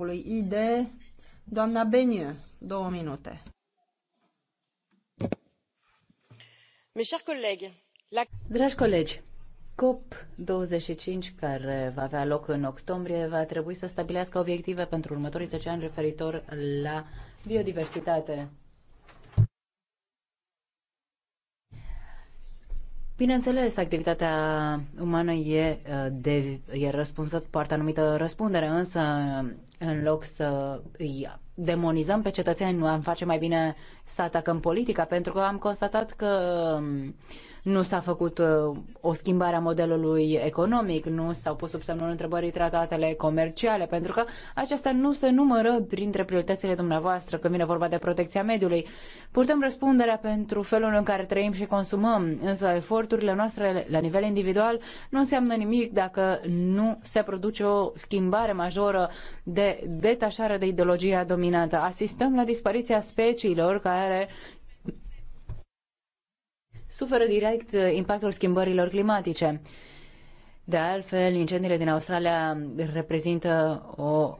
grupului ID, doamna Beniu, două minute. Dragi colegi, COP25, care va avea loc în octombrie, va trebui să stabilească obiective pentru următorii 10 ani referitor la biodiversitate. Bineînțeles, activitatea umană e, de, e răspunsă, poartă anumită răspundere, însă în loc să îi demonizăm pe cetățeni, am face mai bine să atacăm politica, pentru că am constatat că nu s-a făcut uh, o schimbare a modelului economic, nu s-au pus sub semnul întrebării tratatele comerciale, pentru că acestea nu se numără printre prioritățile dumneavoastră când vine vorba de protecția mediului. Purtăm răspunderea pentru felul în care trăim și consumăm, însă eforturile noastre la nivel individual nu înseamnă nimic dacă nu se produce o schimbare majoră de detașare de ideologia dominantă. Asistăm la dispariția speciilor care suferă direct uh, impactul schimbărilor climatice. De altfel, incendiile din Australia reprezintă o,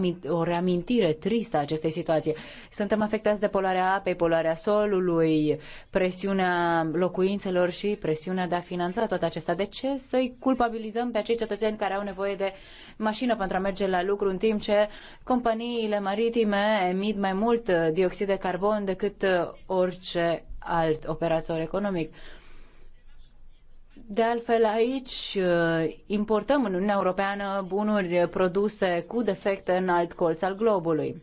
um, o reamintire tristă a acestei situații. Suntem afectați de poluarea apei, poluarea solului, presiunea locuințelor și presiunea de a finanța toate acestea. De ce să-i culpabilizăm pe acei cetățeni care au nevoie de mașină pentru a merge la lucru, în timp ce companiile maritime emit mai mult uh, dioxid de carbon decât uh, orice alt operator economic. De altfel, aici uh, importăm în Uniunea Europeană bunuri produse cu defecte în alt colț al globului.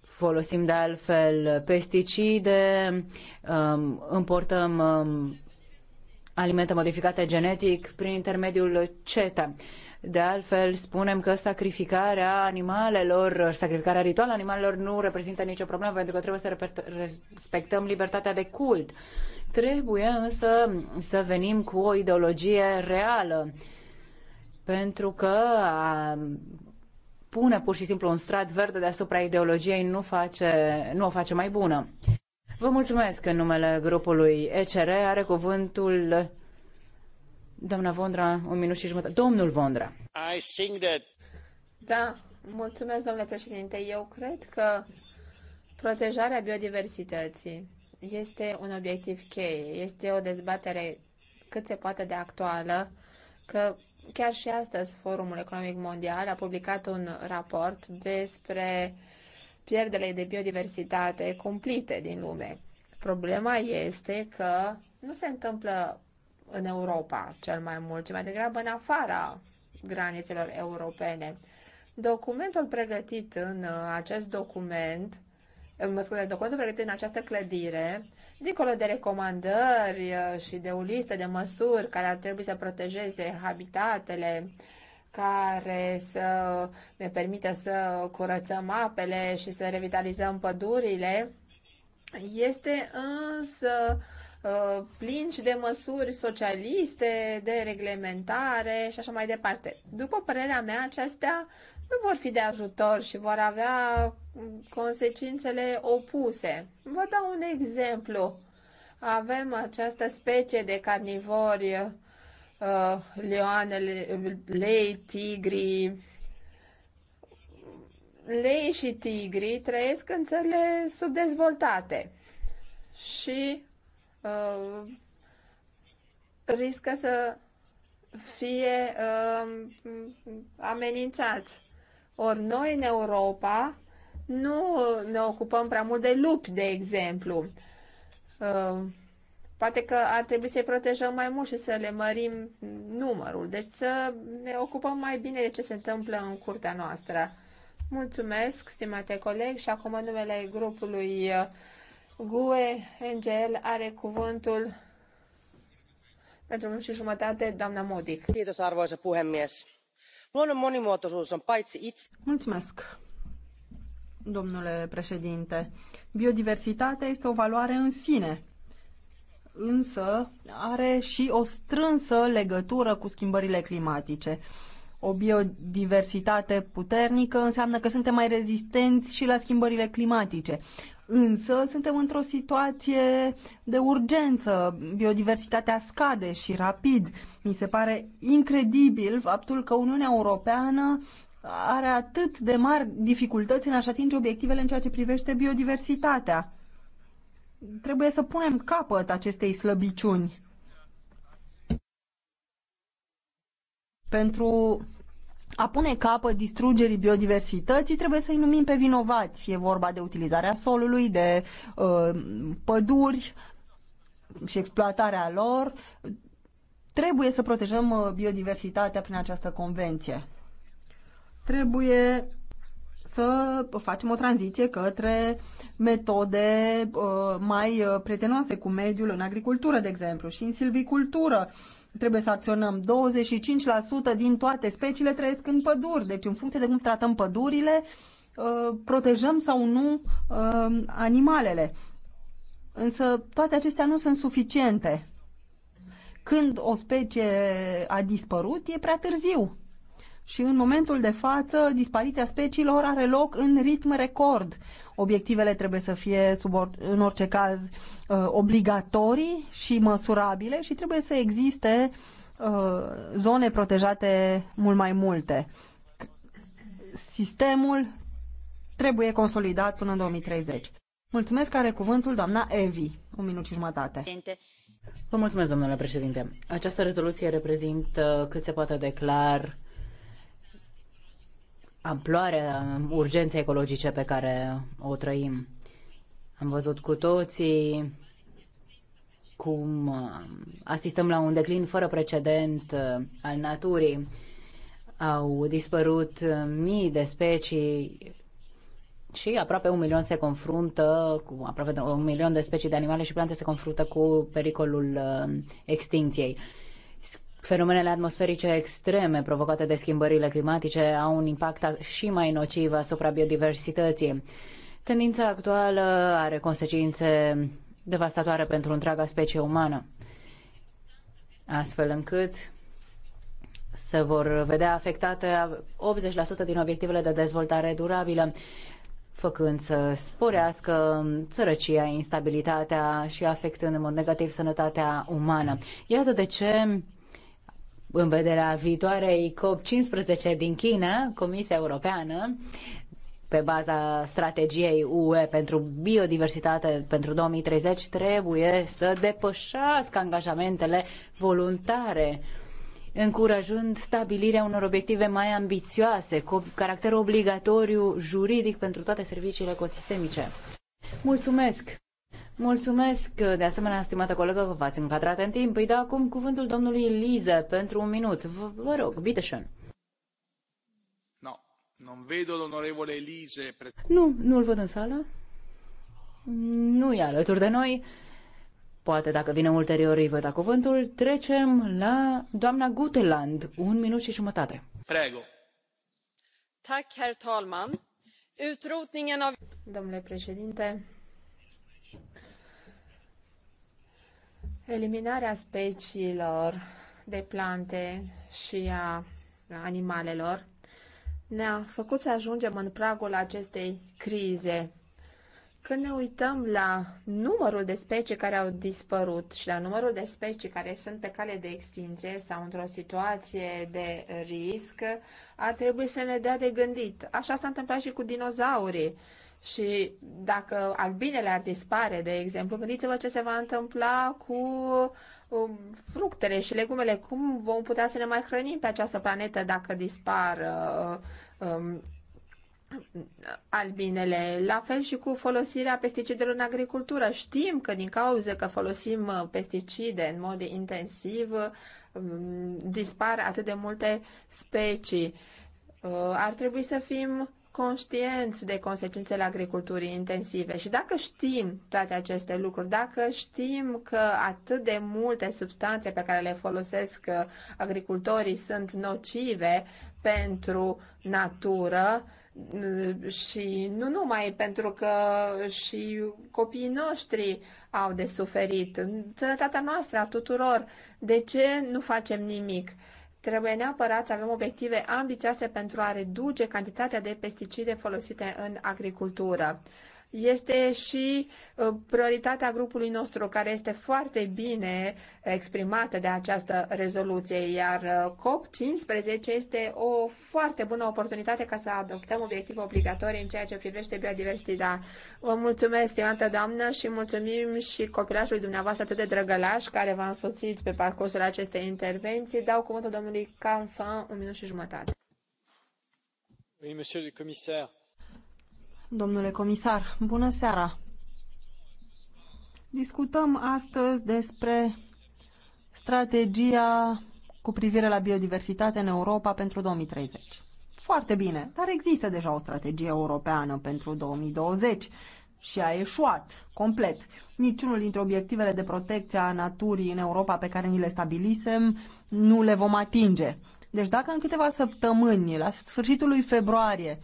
Folosim de altfel pesticide, um, importăm um, alimente modificate genetic prin intermediul CETA. De altfel, spunem că sacrificarea animalelor, sacrificarea rituală animalelor nu reprezintă nicio problemă pentru că trebuie să respectăm libertatea de cult. Trebuie însă să venim cu o ideologie reală pentru că a pune pur și simplu un strat verde deasupra ideologiei nu, face, nu o face mai bună. Vă mulțumesc în numele grupului ECR. Are cuvântul doamna Vondra, un minut și jumătate. Domnul Vondra. I think that... Da, mulțumesc, domnule președinte. Eu cred că protejarea biodiversității este un obiectiv cheie. Este o dezbatere cât se poate de actuală, că chiar și astăzi Forumul Economic Mondial a publicat un raport despre uh, pierderile de biodiversitate cumplite din lume. Problema este că nu se întâmplă în Europa cel mai mult, ci mai degrabă în afara granițelor europene. Documentul pregătit în uh, acest document, uh, mă scuze, documentul pregătit în această clădire, dincolo de recomandări uh, și de o listă de măsuri care ar trebui să protejeze habitatele, care să ne permită să curățăm apele și să revitalizăm pădurile, este însă uh, plin și de măsuri socialiste, de reglementare și așa mai departe. După părerea mea, acestea nu vor fi de ajutor și vor avea consecințele opuse. Vă dau un exemplu. Avem această specie de carnivori Uh, leoanele, lei, tigri. Lei și tigri trăiesc în țările subdezvoltate și uh, riscă să fie uh, amenințați. Ori noi în Europa nu ne ocupăm prea mult de lupi, de exemplu. Uh, Poate că ar trebui să-i protejăm mai mult și să le mărim numărul. Deci să ne ocupăm mai bine de ce se întâmplă în curtea noastră. Mulțumesc, stimate coleg, și acum în numele grupului uh, GUE NGL are cuvântul pentru un și jumătate, doamna Modic. Kiitos, arvoisa puhemies. Luonnon monimuotoisuus on paitsi itse... Mulțumesc, domnule președinte. Biodiversitatea este o valoare în sine însă are și o strânsă legătură cu schimbările climatice. O biodiversitate puternică înseamnă că suntem mai rezistenți și la schimbările climatice. Însă suntem într-o situație de urgență. Biodiversitatea scade și rapid. Mi se pare incredibil faptul că Uniunea Europeană are atât de mari dificultăți în a-și atinge obiectivele în ceea ce privește biodiversitatea. Trebuie să punem capăt acestei slăbiciuni. Pentru a pune capăt distrugerii biodiversității, trebuie să-i numim pe vinovați. E vorba de utilizarea solului, de uh, păduri și exploatarea lor. Trebuie să protejăm uh, biodiversitatea prin această convenție. Trebuie să facem o tranziție către metode uh, mai uh, prietenoase cu mediul în agricultură, de exemplu, și în silvicultură. Trebuie să acționăm. 25% din toate speciile trăiesc în păduri, deci în funcție de cum tratăm pădurile, uh, protejăm sau nu animalele. Însă toate acestea nu sunt suficiente. Când o specie a dispărut, e prea târziu și în momentul de față dispariția speciilor are loc în ritm record. Obiectivele trebuie să fie sub or- în orice caz uh, obligatorii și măsurabile și trebuie să existe uh, zone protejate mult mai multe. Sistemul trebuie consolidat până în 2030. Mulțumesc, are cuvântul doamna Evi. Un minut și jumătate. Vă mulțumesc, domnule președinte. Această rezoluție reprezintă cât se poate declar amploarea urgenței ecologice pe care o trăim. Am văzut cu toții cum uh, asistăm la un declin fără precedent uh, al naturii. Au dispărut uh, mii de specii și aproape un milion se confruntă cu aproape un milion de specii de animale și plante se confruntă cu pericolul extinției. Fenomenele atmosferice extreme provocate de schimbările climatice au un impact și mai nociv asupra biodiversității. Tendința actuală are consecințe devastatoare pentru întreaga specie umană, astfel încât se vor vedea afectate 80% din obiectivele de dezvoltare durabilă, făcând să sporească sărăcia, instabilitatea și afectând în mod negativ sănătatea umană. Iată de ce în vederea viitoarei COP15 din China, Comisia Europeană pe baza strategiei UE pentru biodiversitate pentru 2030 trebuie să depășească angajamentele voluntare încurajând stabilirea unor obiective mai ambițioase, cu caracter obligatoriu juridic pentru toate serviciile ecosistemice. Mulțumesc! Mulțumesc, de asemenea, stimată colegă, că v-ați încadrat în timp. Îi dau acum cuvântul domnului Lize pentru un minut. Vă, vă rog, biteșen. No, non vedo l'onorevole Lize. Nu, nu-l văd în sală. Nu e alături de noi. Poate dacă vine ulterior îi vă da cuvântul. Trecem la doamna Guteland. Un minut și jumătate. Prego. Tak, herr talman. Utrotningen av... Domnule președinte, Eliminarea speciilor de plante și a animalelor ne-a făcut să ajungem în pragul acestei crize. Când ne uităm la numărul de specii care au dispărut și la numărul de specii care sunt pe cale de extinție sau într-o situație de risc, ar trebui să ne dea de gândit. Așa s-a întâmplat și cu dinozaurii și dacă albinele ar dispare, de exemplu, gândiți-vă ce se va întâmpla cu um, fructele și legumele. Cum vom putea să ne mai hrănim pe această planetă dacă dispar uh, um, albinele? La fel și cu folosirea pesticidelor în agricultură. Știm că din cauza că folosim uh, pesticide în mod intensiv, um, dispar atât de multe specii. Uh, ar trebui să fim conștienți de consecințele agriculturii intensive și dacă știm toate aceste lucruri, dacă știm că atât de multe substanțe pe care le folosesc uh, agricultorii sunt nocive pentru natură uh, și nu numai pentru că și copiii noștri au de suferit, sănătatea noastră a tuturor, de ce nu facem nimic? Trebuie neapărat să avem obiective ambițioase pentru a reduce cantitatea de pesticide folosite în agricultură este și uh, prioritatea grupului nostru, care este foarte bine exprimată de această rezoluție, iar uh, COP15 este o foarte bună oportunitate ca să adoptăm obiective obligatorii în ceea ce privește biodiversitatea. Vă mulțumesc, stimată doamnă, și mulțumim și copilașului dumneavoastră atât de drăgălaș care v-a însoțit pe parcursul acestei intervenții. Dau cuvântul domnului Canfan, un minut și jumătate. Oui, monsieur le commissaire, domnule comisar, bună seara! Discutăm astăzi despre strategia cu privire la biodiversitate în Europa pentru 2030. Foarte bine, dar există deja o strategie europeană pentru 2020 și a eșuat complet. Niciunul dintre obiectivele de protecție a naturii în Europa pe care ni le stabilisem nu le vom atinge. Deci dacă în câteva săptămâni, la sfârșitul lui februarie,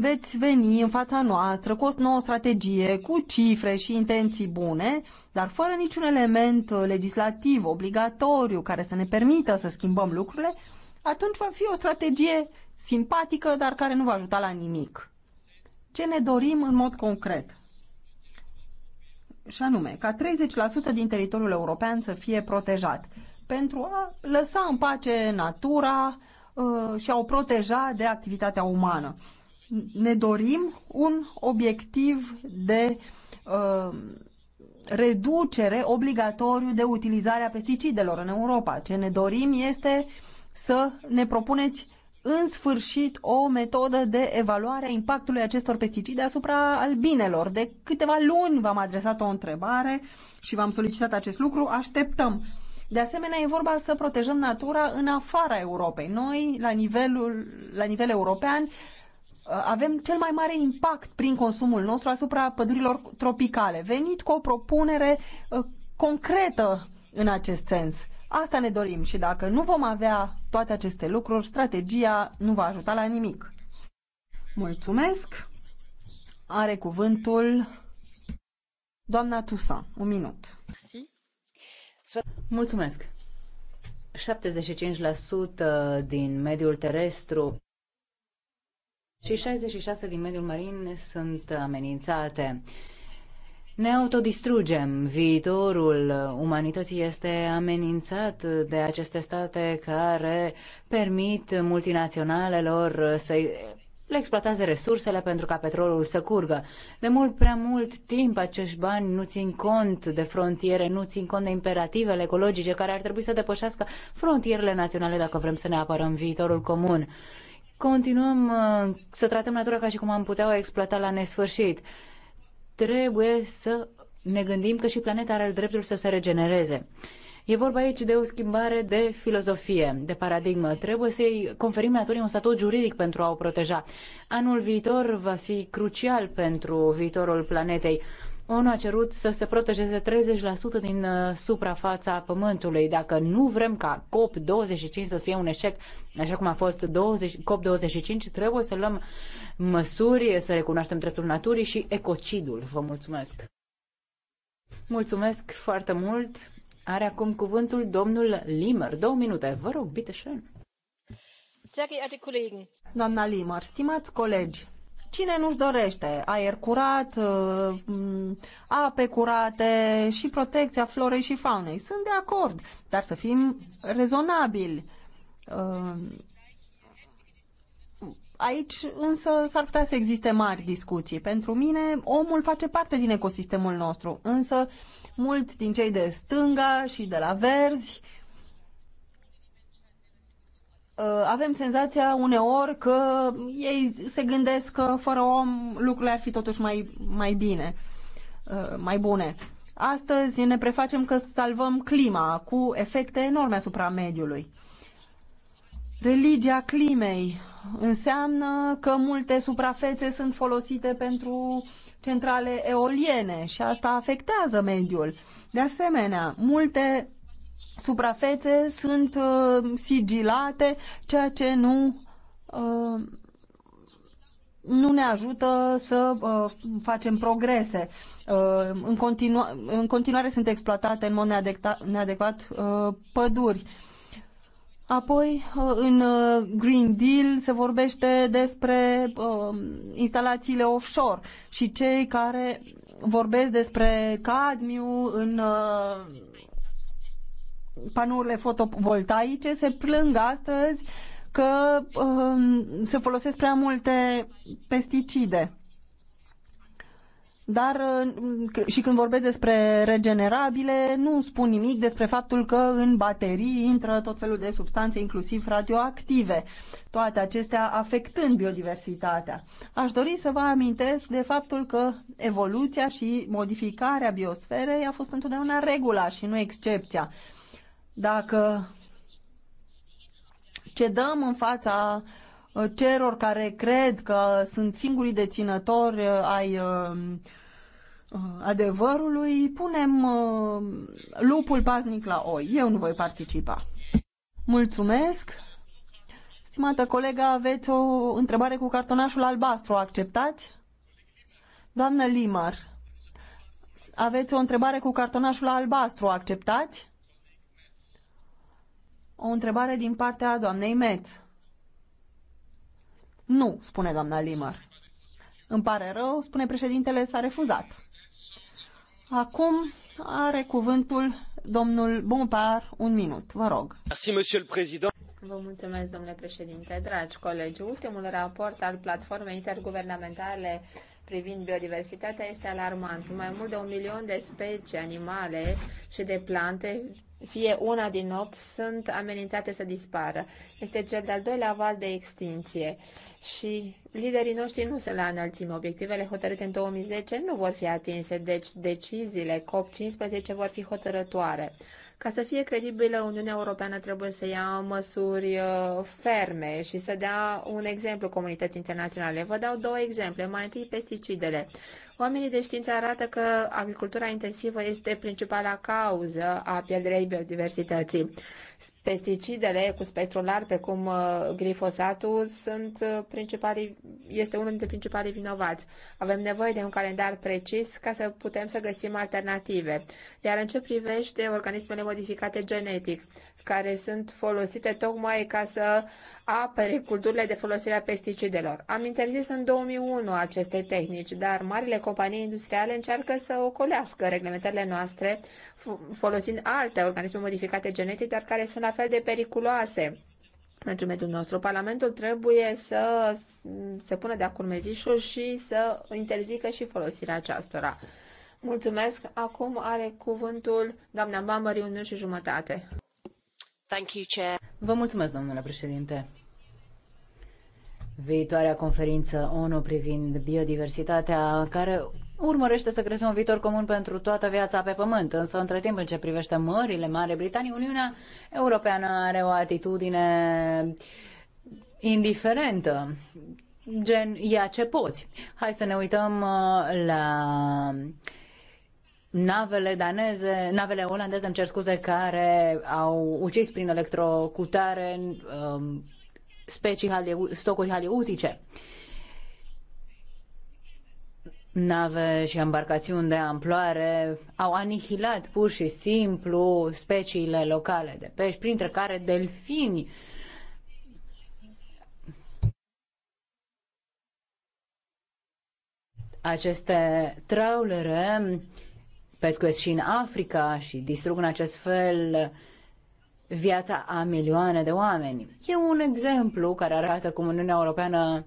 veți veni în fața noastră cu o nouă strategie, cu cifre și intenții bune, dar fără niciun element uh, legislativ obligatoriu care să ne permită să schimbăm lucrurile, atunci va fi o strategie simpatică, dar care nu va ajuta la nimic. Ce ne dorim în mod concret? Și anume, ca 30% din teritoriul european să fie protejat, pentru a lăsa în pace natura uh, și a o proteja de activitatea umană ne dorim un obiectiv de uh, reducere obligatoriu de utilizarea pesticidelor în Europa. Ce ne dorim este să ne propuneți în sfârșit o metodă de evaluare a impactului acestor pesticide asupra albinelor. De câteva luni v-am adresat o întrebare și v-am solicitat acest lucru. Așteptăm. De asemenea, e vorba să protejăm natura în afara Europei. Noi, la, nivelul, la nivel european, Uh, avem cel mai mare impact prin consumul nostru asupra pădurilor tropicale. Venit cu o propunere uh, concretă în acest sens. Asta ne dorim și dacă nu vom avea toate aceste lucruri, strategia nu va ajuta la nimic. Mulțumesc. Are cuvântul doamna Tusa. Un minut. Mulțumesc. 75% din mediul terestru și 66 din mediul marin sunt amenințate. Ne autodistrugem. Viitorul umanității este amenințat de aceste state care permit multinaționalelor să le exploateze resursele pentru ca petrolul să curgă. De mult prea mult timp acești bani nu țin cont de frontiere, nu țin cont de imperativele ecologice care ar trebui să depășească frontierele naționale dacă vrem să ne apărăm viitorul comun continuăm uh, să tratăm natura ca și cum am putea o exploata la nesfârșit. Trebuie să ne gândim că și planeta are dreptul să se regenereze. E vorba aici de o schimbare de filozofie, de paradigmă. Trebuie să-i conferim naturii un statut juridic pentru a o proteja. Anul viitor va fi crucial pentru viitorul planetei. ONU a cerut să se protejeze 30% din uh, suprafața Pământului. Dacă nu vrem ca COP25 să fie un eșec, așa cum a fost 20, COP25, trebuie să luăm măsuri, să recunoaștem dreptul naturii și ecocidul. Vă mulțumesc! Mulțumesc foarte mult! Are acum cuvântul domnul Limer. Două minute. Vă rog, bite Doamna Limer, stimați colegi, Cine nu-și dorește aer curat, uh, ape curate și protecția florei și faunei? Sunt de acord, dar să fim rezonabili. Uh, aici însă s-ar putea să existe mari discuții. Pentru mine, omul face parte din ecosistemul nostru, însă mulți din cei de stânga și de la verzi uh, Uh, avem senzația uneori că ei se gândesc că fără om lucrurile ar fi totuși mai, mai bine, uh, mai bune. Astăzi ne prefacem că salvăm clima cu efecte enorme asupra mediului. Religia climei înseamnă că multe suprafețe sunt folosite pentru centrale eoliene și asta afectează mediul. De asemenea, multe suprafețe sunt uh, sigilate, ceea ce nu, uh, nu ne ajută să uh, facem progrese. Uh, în, continu- în continuare sunt exploatate în mod neadecta- neadecvat uh, păduri. Apoi, uh, în uh, Green Deal se vorbește despre uh, instalațiile offshore și cei care vorbesc despre cadmiu în uh, panourile fotovoltaice se plâng astăzi că uh, se folosesc prea multe pesticide. Dar uh, și când vorbesc despre regenerabile, nu spun nimic despre faptul că în baterii intră tot felul de substanțe, inclusiv radioactive, toate acestea afectând biodiversitatea. Aș dori să vă amintesc de faptul că evoluția și modificarea biosferei a fost întotdeauna regula și nu excepția. Dacă cedăm în fața uh, celor care cred că sunt singurii deținători uh, ai uh, adevărului, punem lupul paznic la oi. Eu nu voi participa. Mulțumesc. Stimată colegă, aveți o întrebare cu cartonașul albastru. O acceptați? Doamnă Limar, aveți o întrebare cu cartonașul albastru. O acceptați? O întrebare din partea doamnei Met. Nu, spune doamna Limăr. Îmi pare rău, spune președintele, s-a refuzat. Acum are cuvântul domnul Bompar, un minut, vă rog. Merci, monsieur le président. Vă mulțumesc, domnule președinte, dragi colegi. Ultimul raport al platformei interguvernamentale privind biodiversitatea este alarmant. Mai mult de un milion de specii animale și de plante, fie una din opt, sunt amenințate să dispară. Este cel de-al doilea val de extinție și liderii noștri nu sunt la înălțime. Obiectivele hotărâte în 2010 nu vor fi atinse, deci deciziile COP15 vor fi hotărătoare. Ca să fie credibilă, Uniunea Europeană trebuie să ia măsuri uh, ferme și să dea un exemplu comunității internaționale. Vă dau două exemple. Mai întâi, pesticidele. Oamenii de știință arată că agricultura intensivă este principala cauză a pierderii biodiversității. Pesticidele cu spectru larg, precum uh, glifosatul, sunt uh, principalii, este unul dintre principalii vinovați. Avem nevoie de un calendar precis ca să putem să găsim alternative. Iar în ce privește organismele modificate genetic, care sunt folosite tocmai ca să apere culturile de folosire a pesticidelor. Am interzis în 2001 aceste tehnici, dar marile companii industriale încearcă să ocolească reglementările noastre folosind alte organisme modificate genetic, dar care sunt la fel de periculoase pentru mediul nostru. Parlamentul trebuie să se pună de acum mezișul și să interzică și folosirea aceastora. Mulțumesc. Acum are cuvântul doamna Mamării, un și jumătate. Thank you, Chair. Vă mulțumesc, domnule președinte. Viitoarea conferință ONU privind biodiversitatea, care urmărește să creeze un viitor comun pentru toată viața pe pământ. Însă, între timp, în ce privește mările Mare Britanie, Uniunea Europeană are o atitudine indiferentă, gen ia ce poți. Hai să ne uităm uh, la navele daneze, navele olandeze, îmi cer scuze, care au ucis prin electrocutare um, specii, stocuri haleutice nave și embarcațiuni de amploare au anihilat pur și simplu speciile locale de pești, printre care delfini. Aceste traulere pescuiesc și în Africa și distrug în acest fel viața a milioane de oameni. E un exemplu care arată cum Uniunea Europeană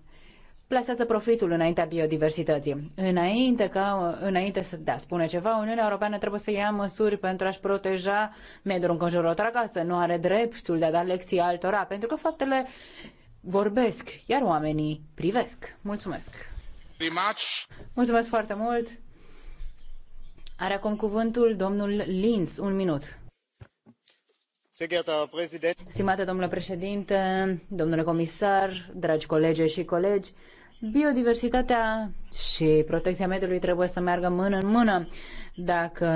plasează profitul înaintea biodiversității. Înainte, ca, înainte să da, spune ceva, Uniunea Europeană trebuie să ia măsuri pentru a-și proteja mediul înconjurător acasă. Nu are dreptul de a da lecții altora, pentru că faptele vorbesc, iar oamenii privesc. Mulțumesc! Mulțumesc foarte mult! Are acum cuvântul domnul Linz, un minut. Stimate domnule președinte, domnule comisar, dragi colege și colegi, Biodiversitatea și protecția mediului trebuie să meargă mână în mână. Dacă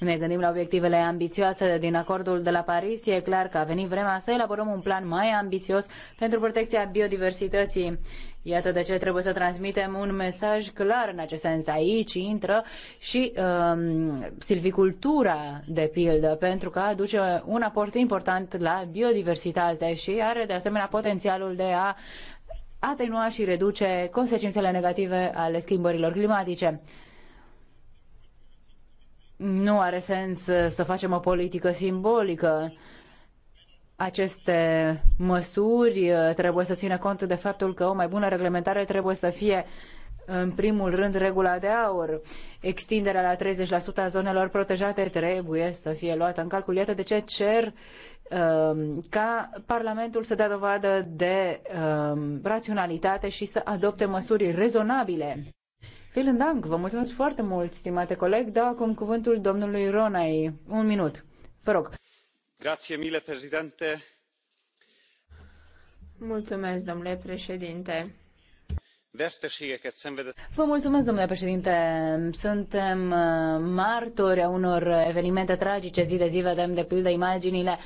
ne gândim la obiectivele ambițioase din acordul de la Paris, e clar că a venit vremea să elaborăm un plan mai ambițios pentru protecția biodiversității. Iată de ce trebuie să transmitem un mesaj clar în acest sens. Aici intră și um, silvicultura, de pildă, pentru că aduce un aport important la biodiversitate și are de asemenea potențialul de a atenua și reduce consecințele negative ale schimbărilor climatice. Nu are sens să facem o politică simbolică. Aceste măsuri trebuie să țină cont de faptul că o mai bună reglementare trebuie să fie în primul rând regula de aur. Extinderea la 30% a zonelor protejate trebuie să fie luată în calcul. Iată de ce cer Um, ca Parlamentul să dea dovadă de um, raționalitate și să adopte măsuri rezonabile. Vielen Dank, vă mulțumesc foarte mult, stimate coleg. Dau acum cuvântul domnului Ronai. Un minut, vă rog. Grazie mille, președinte. Mulțumesc, domnule președinte. Vă mulțumesc, domnule președinte. Suntem uh, martori a unor evenimente tragice zi de zi. Vedem, de pildă, imaginile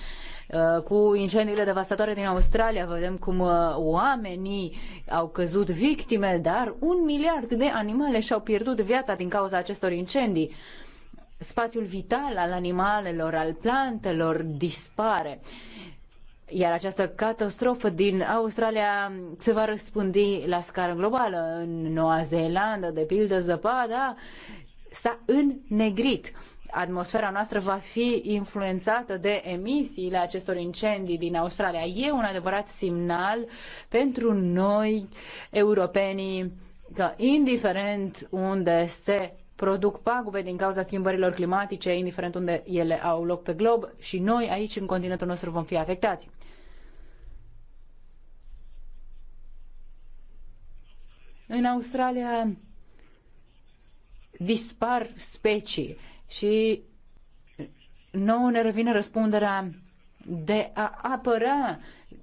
uh, cu incendiile devastatoare din Australia. Vedem cum uh, oamenii au căzut victime, dar un miliard de animale și-au pierdut viața din cauza acestor incendii spațiul vital al animalelor, al plantelor dispare. Iar această catastrofă din Australia se va răspândi la scară globală. În Noua Zeelandă, de pildă, zăpada s-a înnegrit. Atmosfera noastră va fi influențată de emisiile acestor incendii din Australia. E un adevărat semnal pentru noi, europenii, că indiferent unde se produc pagube din cauza schimbărilor climatice, indiferent unde ele au loc pe glob și noi aici, în continentul nostru, vom fi afectați. În Australia dispar specii și nouă ne revine răspunderea de a apăra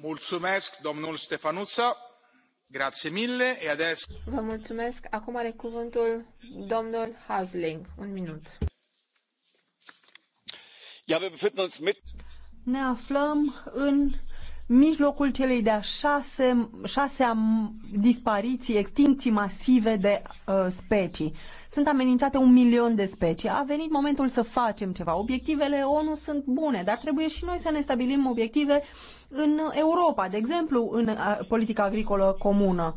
Vă mulțumesc. Acum are cuvântul domnul Hasling. Un minut. Ne aflăm în mijlocul celei de-a șase, șasea dispariții, extincții masive de uh, specii. Sunt amenințate un milion de specii. A venit momentul să facem ceva. Obiectivele ONU sunt bune, dar trebuie și noi să ne stabilim obiective uh, în Europa, de exemplu, în politica agricolă comună.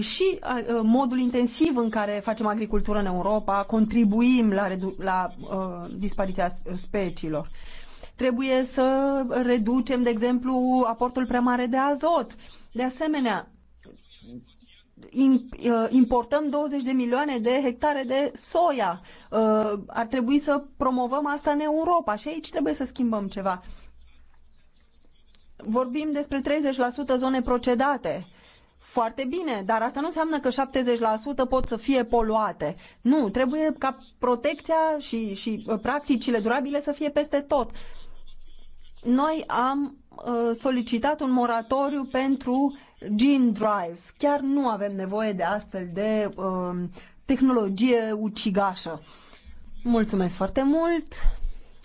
Și modul intensiv în care facem agricultură în Europa, contribuim la, la uh, dispariția speciilor. Trebuie să reducem, de exemplu, aportul prea mare de azot. De asemenea, Uh, importăm 20 de milioane de hectare de soia. Uh, ar trebui să promovăm asta în Europa și aici trebuie să schimbăm ceva. Vorbim despre 30% zone procedate. Foarte bine, dar asta nu înseamnă că 70% pot să fie poluate. Nu, trebuie ca protecția și, și uh, practicile durabile să fie peste tot. Noi am Uh, solicitat un moratoriu pentru gene drives. Chiar nu avem nevoie de astfel de uh, tehnologie ucigașă. Mulțumesc foarte mult.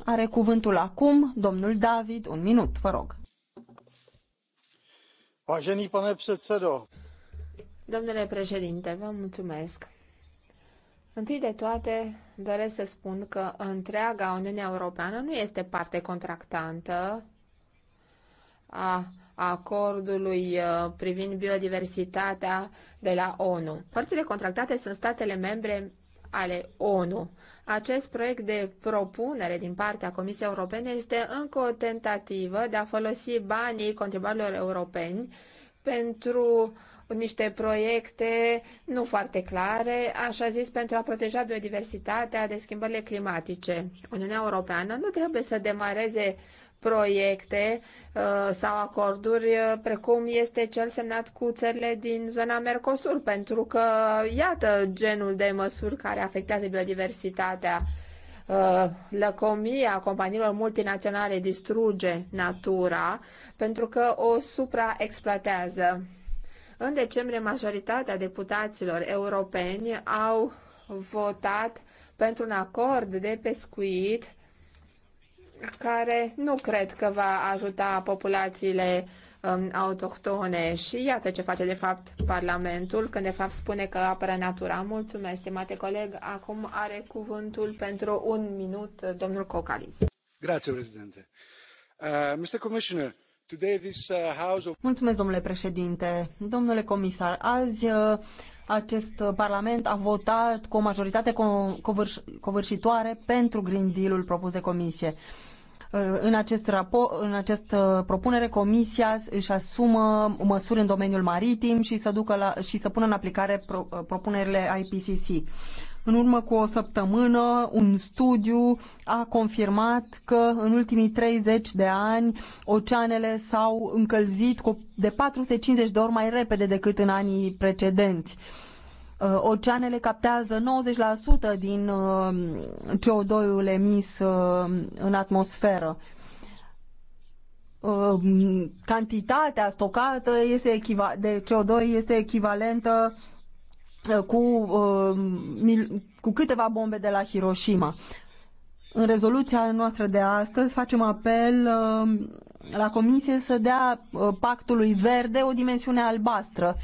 Are cuvântul acum domnul David. Un minut, vă rog. Vážený pane předsedo. Domnule președinte, vă mulțumesc. Întâi de toate, doresc să spun că întreaga Uniune Europeană nu este parte contractantă a acordului uh, privind biodiversitatea de la ONU. Părțile contractate sunt statele membre ale ONU. Acest proiect de propunere din partea Comisiei Europene este încă o tentativă de a folosi banii contribuabililor europeni pentru niște proiecte nu foarte clare, așa zis, pentru a proteja biodiversitatea de schimbările climatice. Uniunea Europeană nu trebuie să demareze proiecte uh, sau acorduri uh, precum este cel semnat cu țările din zona Mercosur, pentru că iată genul de măsuri care afectează biodiversitatea. Uh, lăcomia companiilor multinaționale distruge natura pentru că o supraexploatează. În decembrie, majoritatea deputaților europeni au votat pentru un acord de pescuit care nu cred că va ajuta populațiile um, autohtone. Și iată ce face, de fapt, Parlamentul, când, de fapt, spune că apără natura. Mulțumesc, stimate coleg. Acum are cuvântul pentru un minut uh, domnul Cocalis. Grazie, președinte. Uh, Mr. Commissioner, today this, uh, house of... Mulțumesc, domnule președinte. Domnule comisar, azi uh, acest Parlament a votat cu o majoritate covârș- covârșitoare pentru Green Deal-ul propus de Comisie. Uh, în, acest rapo, în această propunere, Comisia își asumă măsuri în domeniul maritim și să, ducă la, și să pună în aplicare pro, uh, propunerile IPCC. În urmă cu o săptămână, un studiu a confirmat că în ultimii 30 de ani oceanele s-au încălzit cu de 450 de ori mai repede decât în anii precedenți. Uh, oceanele captează 90% din uh, CO2-ul emis uh, în atmosferă cantitatea stocată este de CO2 este echivalentă cu, uh, cu câteva bombe de la Hiroshima. În rezoluția noastră de astăzi facem apel uh, la Comisie să dea uh, pactului verde o dimensiune albastră.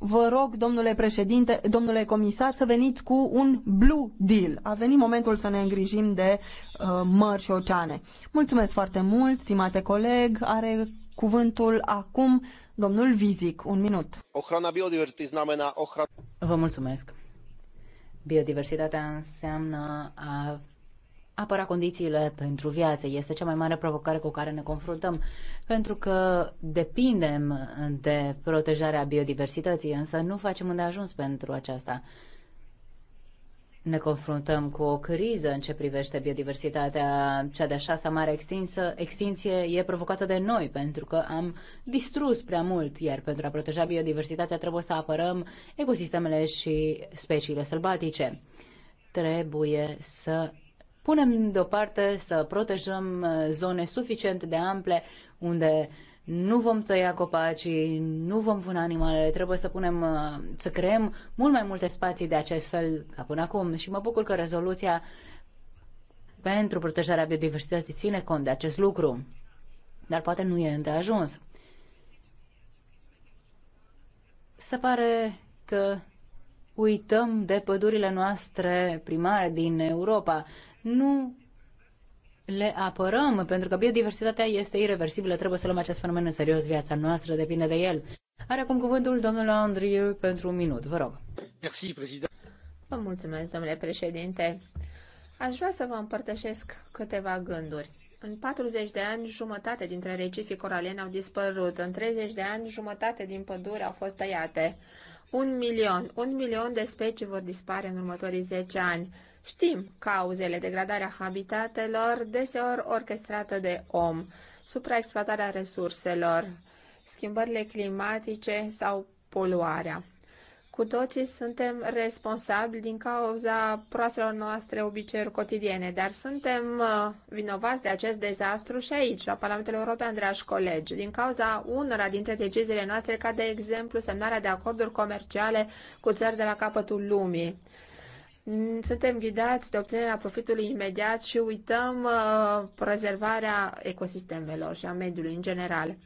Vă rog, domnule președinte, domnule comisar, să veniți cu un blue deal. A venit momentul să ne îngrijim de uh, mări și oceane. Mulțumesc foarte mult, stimate coleg. Are cuvântul acum Domnul Vizic, un minut. Ohrana biodiversității znamenă Vă mulțumesc. Biodiversitatea înseamnă a apăra condițiile pentru viață. Este cea mai mare provocare cu care ne confruntăm, pentru că depindem de protejarea biodiversității, însă nu facem îndeajuns pentru aceasta. Ne confruntăm cu o criză în ce privește biodiversitatea. Cea de-a șasea mare extinsă, extinție e provocată de noi, pentru că am distrus prea mult, iar pentru a proteja biodiversitatea trebuie să apărăm ecosistemele și speciile sălbatice. Trebuie să punem deoparte, să protejăm uh, zone suficient de ample unde uh, nu vom tăia copacii, nu vom vâna animalele, trebuie să punem, uh, să creăm mult mai multe spații de acest fel ca până acum și mă bucur că rezoluția pentru protejarea biodiversității ține cont de acest lucru, dar poate nu e îndeajuns. Se pare că uităm de pădurile noastre primare din Europa. Nu le apărăm, pentru că biodiversitatea este irreversibilă, trebuie să luăm acest fenomen în serios, viața noastră depinde de el. Are acum cuvântul domnul Andriu pentru un minut, vă rog. Merci, president. Vă mulțumesc, domnule președinte. Aș vrea să vă împărtășesc câteva gânduri. În 40 de ani, jumătate dintre recifii coraliene au dispărut. În 30 de ani, jumătate din păduri au fost tăiate. Un milion, un milion de specii vor dispare în următorii 10 ani. Știm cauzele, degradarea habitatelor, deseori orchestrată de om, supraexploatarea resurselor, schimbările climatice sau poluarea. Cu toții suntem responsabili din cauza proastelor noastre obiceiuri cotidiene, dar suntem uh, vinovați de acest dezastru și aici, la Parlamentul European, dragi colegi, din cauza unora dintre deciziile noastre, ca de exemplu semnarea de acorduri comerciale cu țări de la capătul lumii suntem ghidați de obținerea profitului imediat și uităm uh, prezervarea ecosistemelor și a mediului în general.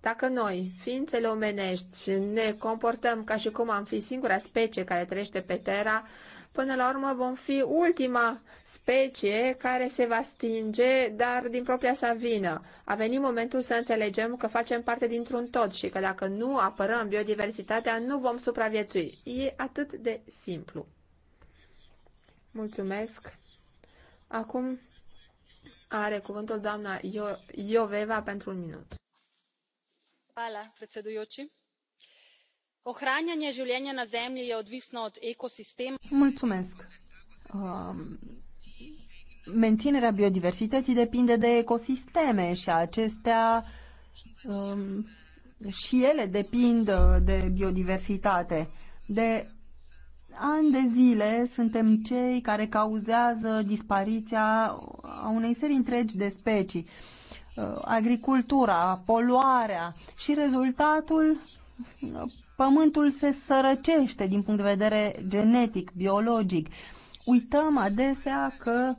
Dacă noi, ființele omenești, ne comportăm ca și cum am fi singura specie care trăiește pe Terra, până la urmă vom fi ultima specie care se va stinge, dar din propria sa vină. A venit momentul să înțelegem că facem parte dintr-un tot și că dacă nu apărăm biodiversitatea, nu vom supraviețui. E atât de simplu. Mulțumesc. Acum are cuvântul doamna Io- Ioveva pentru un minut. Hvala, predsedujoči. Ohranjanje življenja na zemlji je odvisno od ekosistema. Mulțumesc. Um, menținerea biodiversității depinde de ecosisteme și acestea um, și ele depind uh, de biodiversitate. De ani de zile suntem cei care cauzează dispariția a unei serii întregi de specii. Uh, agricultura, poluarea și rezultatul uh, pământul se sărăcește din punct de vedere genetic, biologic. Uităm adesea că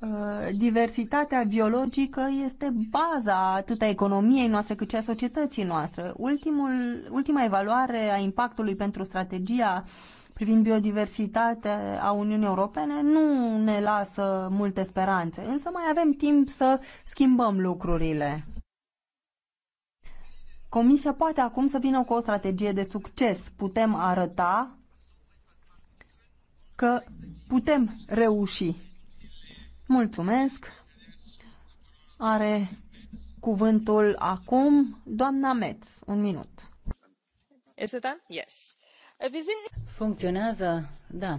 uh, diversitatea biologică este baza atât a economiei noastre cât și a societății noastre. Ultimul, ultima evaluare a impactului pentru strategia uh, privind biodiversitatea a Uniunii Europene nu ne lasă multe speranțe, însă mai avem timp să schimbăm lucrurile. Comisia poate acum să vină cu o strategie de succes. Putem arăta că putem reuși. Mulțumesc. Are cuvântul acum doamna Metz. Un minut. Is it Yes. Funcționează, da.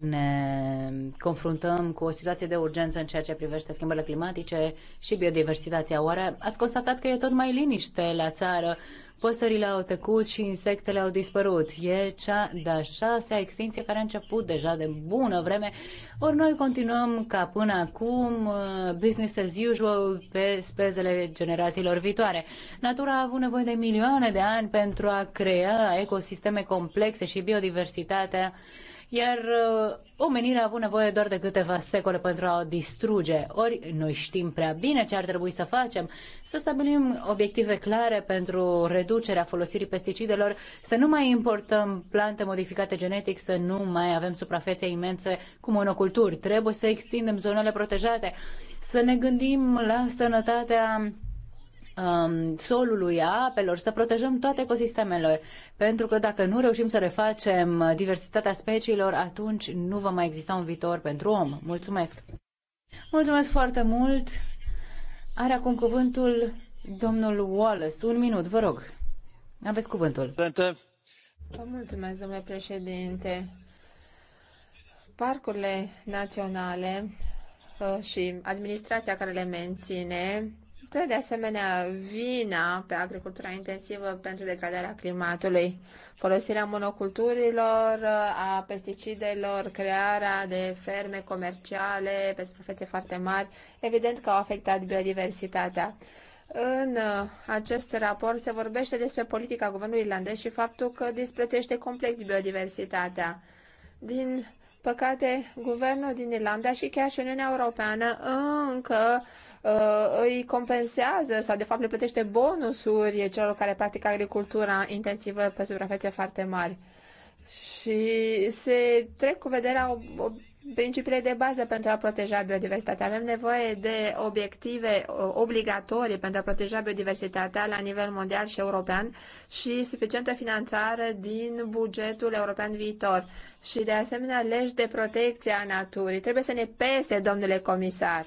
Ne confruntăm cu o situație de urgență în ceea ce privește schimbările climatice și biodiversitatea. Oare ați constatat că e tot mai liniște la țară păsările au tăcut și insectele au dispărut. E cea de-a șasea extinție care a început deja de bună vreme, ori noi continuăm ca până acum uh, business as usual pe spezele generațiilor viitoare. Natura a avut nevoie de milioane de ani pentru a crea ecosisteme complexe și biodiversitatea iar uh, omenirea a avut nevoie doar de câteva secole pentru a o distruge. Ori noi știm prea bine ce ar trebui să facem, să stabilim obiective clare pentru reducerea folosirii pesticidelor, să nu mai importăm plante modificate genetic, să nu mai avem suprafețe imense cu monoculturi. Trebuie să extindem zonele protejate, să ne gândim la sănătatea um, solului, a apelor, să protejăm toate ecosistemele. Pentru că dacă nu reușim să refacem diversitatea speciilor, atunci nu va mai exista un viitor pentru om. Mulțumesc! Mulțumesc foarte mult! Are acum cuvântul domnul Wallace. Un minut, vă rog. Aveți cuvântul. Vă mulțumesc, domnule președinte. Parcurile naționale uh, și administrația care le menține Dă de asemenea vina pe agricultura intensivă pentru degradarea climatului, folosirea monoculturilor, a pesticidelor, crearea de ferme comerciale pe suprafețe foarte mari, evident că au afectat biodiversitatea. În uh, acest raport se vorbește despre politica guvernului irlandez și faptul că disprețuiește complet biodiversitatea. Din păcate, guvernul din Irlanda și chiar și Uniunea Europeană încă Uh, îi compensează sau de fapt le plătește bonusuri celor care practică agricultura intensivă pe suprafețe foarte mari. Și se trec cu vederea principiile de bază pentru a proteja biodiversitatea. Avem nevoie de obiective uh, obligatorii pentru a proteja biodiversitatea la nivel mondial și european și suficientă finanțare din bugetul european viitor și de asemenea legi de protecție a naturii. Trebuie să ne pese, domnule comisar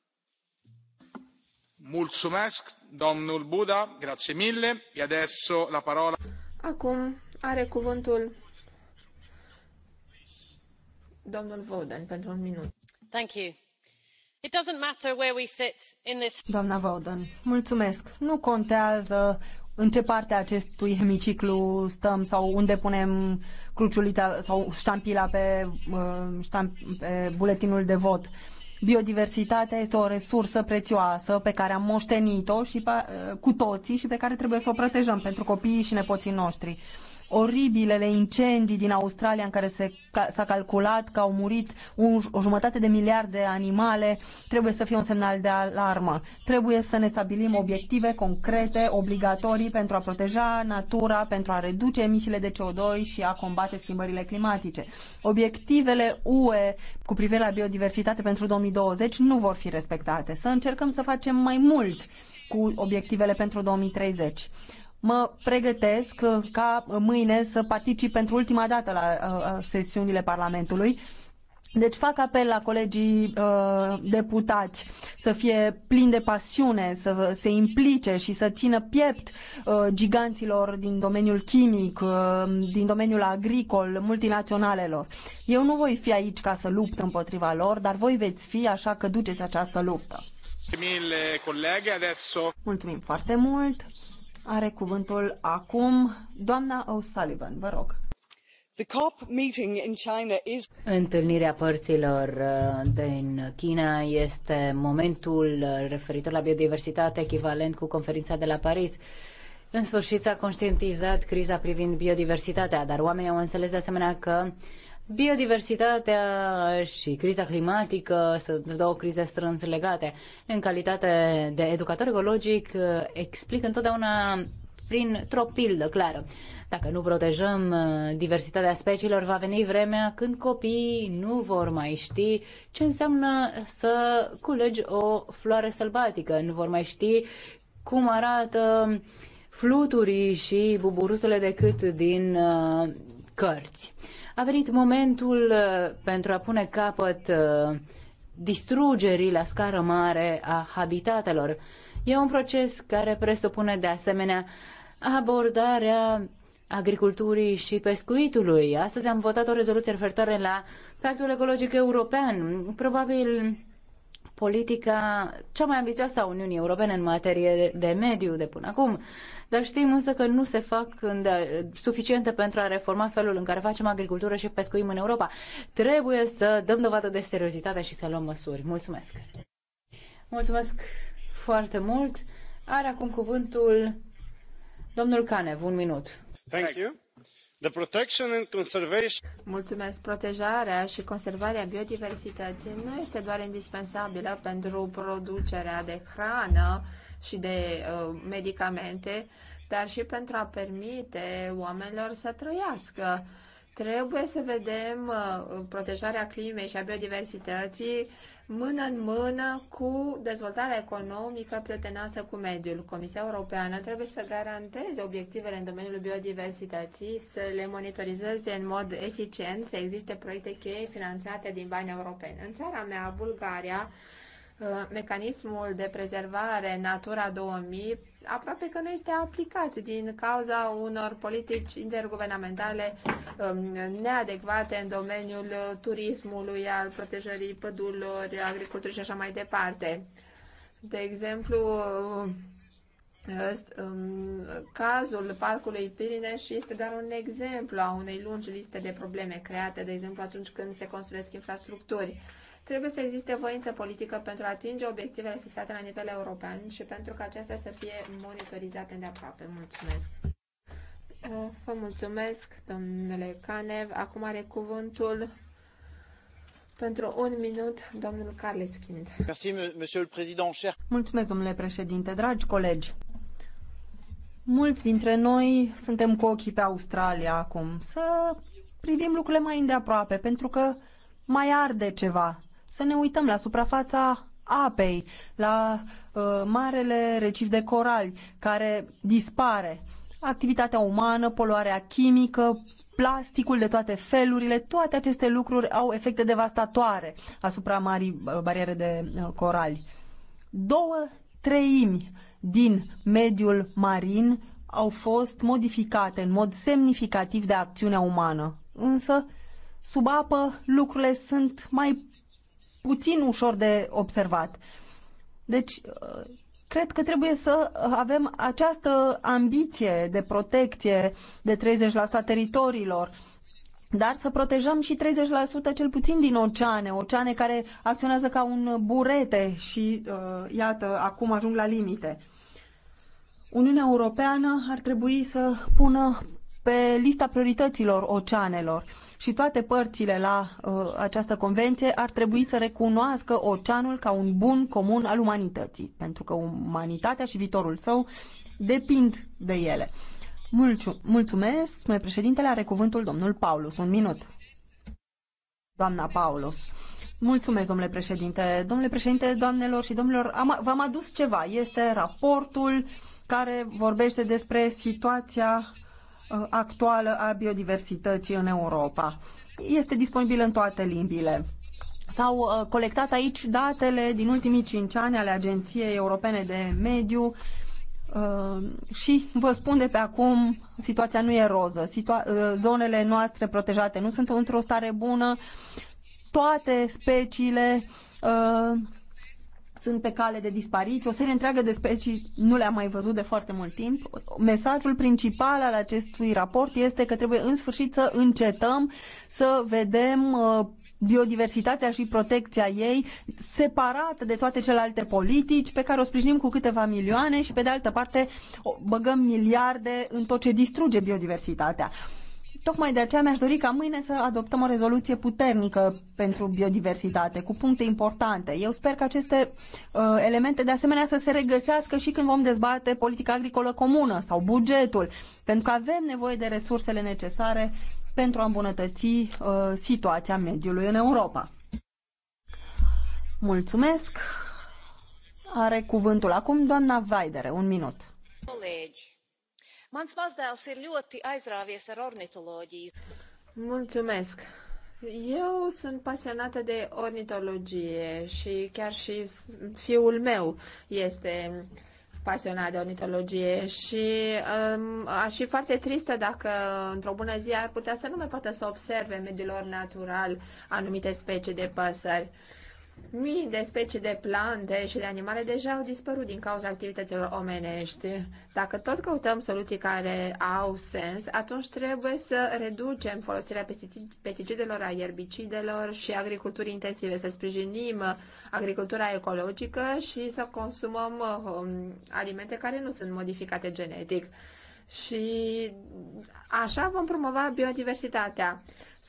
Mulțumesc, domnul Buda, grazie mille. E adesso la parola. Acum are cuvântul domnul Voden pentru un minut. Thank you. It doesn't matter where we sit in this... Doamna Vauden, mulțumesc. Nu contează în ce parte a acestui hemiciclu stăm sau unde punem cruciulita sau ștampila pe, uh, ștamp, pe buletinul de vot. Biodiversitatea este o resursă prețioasă pe care am moștenit-o și pe, cu toții și pe care trebuie să o protejăm pentru copiii și nepoții noștri oribilele incendii din Australia în care se, s-a calculat că au murit un, o jumătate de miliard de animale, trebuie să fie un semnal de alarmă. Trebuie să ne stabilim obiective concrete, obligatorii pentru a proteja natura, pentru a reduce emisiile de CO2 și a combate schimbările climatice. Obiectivele UE cu privire la biodiversitate pentru 2020 nu vor fi respectate. Să încercăm să facem mai mult cu obiectivele pentru 2030 mă pregătesc uh, ca uh, mâine să particip pentru ultima dată la uh, sesiunile Parlamentului. Deci fac apel la colegii uh, deputați să fie plini de pasiune, să se implice și să țină piept uh, giganților din domeniul chimic, uh, din domeniul agricol, multinaționalelor. Eu nu voi fi aici ca să lupt împotriva lor, dar voi veți fi, așa că duceți această luptă. Mulțumim foarte mult. Are cuvântul acum doamna O'Sullivan, vă rog. The COP meeting in China is... Întâlnirea părților uh, din China este momentul uh, referitor la biodiversitate echivalent cu conferința de la Paris. În sfârșit s-a conștientizat criza privind biodiversitatea, dar oamenii au înțeles de asemenea că biodiversitatea și criza climatică sunt două crize strâns legate. În calitate de educator ecologic, explic întotdeauna printr-o pildă clară. Dacă nu protejăm uh, diversitatea speciilor, va veni vremea când copiii nu vor mai ști ce înseamnă să culegi o floare sălbatică, nu vor mai ști cum arată fluturii și buburusele decât din uh, cărți. Uh, a venit momentul uh, pentru a pune capăt uh, distrugerii la scară mare a habitatelor. E un proces care presupune de asemenea abordarea agriculturii și pescuitului. Astăzi am votat o rezoluție referitoare la Pactul Ecologic European. Probabil politica cea mai ambițioasă a Uniunii Europene în materie de mediu de până acum, dar știm însă că nu se fac suficiente pentru a reforma felul în care facem agricultură și pescuim în Europa. Trebuie să dăm dovadă de seriozitate și să luăm măsuri. Mulțumesc! Mulțumesc foarte mult! Are acum cuvântul domnul Canev, un minut. Thank you. Protejarea și conservarea biodiversității nu este doar indispensabilă pentru producerea de hrană și de uh, medicamente, dar și pentru a permite oamenilor să trăiască. Uh, Trebuie să vedem uh, protejarea climei și a biodiversității mână în mână cu dezvoltarea economică prietenoasă cu mediul. Comisia Europeană trebuie să garanteze obiectivele în domeniul biodiversității, să le monitorizeze în mod eficient, să existe proiecte cheie finanțate din bani europeni. În țara mea, Bulgaria, uh, mecanismul de prezervare Natura 2000 aproape că nu este aplicat din cauza unor politici interguvernamentale um, neadecvate în domeniul turismului, al protejării pădurilor, agriculturii și așa mai departe. De exemplu, um, Cazul Parcului Pirineș este doar un exemplu a unei lungi liste de probleme create, de exemplu, atunci când se construiesc infrastructuri. Trebuie să existe voință politică pentru a atinge obiectivele fixate la nivel european și pentru ca acestea să fie monitorizate de aproape. Mulțumesc! Uh, vă mulțumesc, domnule Canev. Acum are cuvântul pentru un minut, domnul Carleschind. Mulțumesc, domnule președinte, dragi colegi. Mulți dintre noi suntem cu ochii pe Australia acum, să privim lucrurile mai îndeaproape, pentru că mai arde ceva să ne uităm la suprafața apei, la uh, marele recif de corali care dispare. Activitatea umană, poluarea chimică, plasticul de toate felurile, toate aceste lucruri au efecte devastatoare asupra marii uh, bariere de uh, corali. Două treimi din mediul marin au fost modificate în mod semnificativ de acțiunea umană. Însă, sub apă, lucrurile sunt mai puțin ușor de observat. Deci, cred că trebuie să avem această ambiție de protecție de 30% teritoriilor, dar să protejăm și 30% cel puțin din oceane, oceane care acționează ca un burete și, uh, iată, acum ajung la limite. Uniunea Europeană ar trebui să pună pe lista priorităților oceanelor și toate părțile la uh, această convenție ar trebui să recunoască oceanul ca un bun comun al umanității, pentru că umanitatea și viitorul său depind de ele. Mulțu- mulțumesc, spune președintele, are cuvântul domnul Paulus. Un minut. Doamna Paulus. Mulțumesc, domnule președinte. Domnule președinte, doamnelor și domnilor, am, v-am adus ceva. Este raportul care vorbește despre situația Uh, actuală a biodiversității în Europa. Este disponibil în toate limbile. S-au uh, colectat aici datele din ultimii cinci ani ale Agenției Europene de Mediu uh, și vă spun de pe acum, situația nu e roză. Situa zonele noastre protejate nu sunt într-o stare bună. Toate speciile sunt pe cale de dispariție, o serie întreagă de specii nu le-am mai văzut de foarte mult timp. Mesajul principal al acestui raport este că trebuie în sfârșit să încetăm să vedem uh, biodiversitatea și protecția ei separată de toate celelalte politici pe care o sprijinim cu câteva milioane și pe de altă parte băgăm miliarde în tot ce distruge biodiversitatea. Tocmai de aceea mi-aș dori ca mâine să adoptăm o rezoluție puternică pentru biodiversitate, cu puncte importante. Eu sper că aceste uh, elemente de asemenea să se regăsească și când vom dezbate politica agricolă comună sau bugetul, pentru că avem nevoie de resursele necesare pentru a îmbunătăți uh, situația mediului în Europa. Mulțumesc. Are cuvântul acum doamna Vaidere. Un minut. Colegi Mulțumesc! Eu sunt pasionată de ornitologie și chiar și fiul meu este pasionat de ornitologie și um, aș fi foarte tristă dacă într-o bună zi ar putea să nu mai poată să observe mediul lor natural anumite specii de păsări. Uh, Mii de specii de plante și de animale deja au dispărut din cauza activităților omenești. Dacă tot căutăm soluții care au sens, atunci trebuie să reducem folosirea pesticidelor, a ierbicidelor și agriculturii intensive, să sprijinim agricultura ecologică și să consumăm um, alimente care nu sunt modificate genetic. Și așa vom promova biodiversitatea.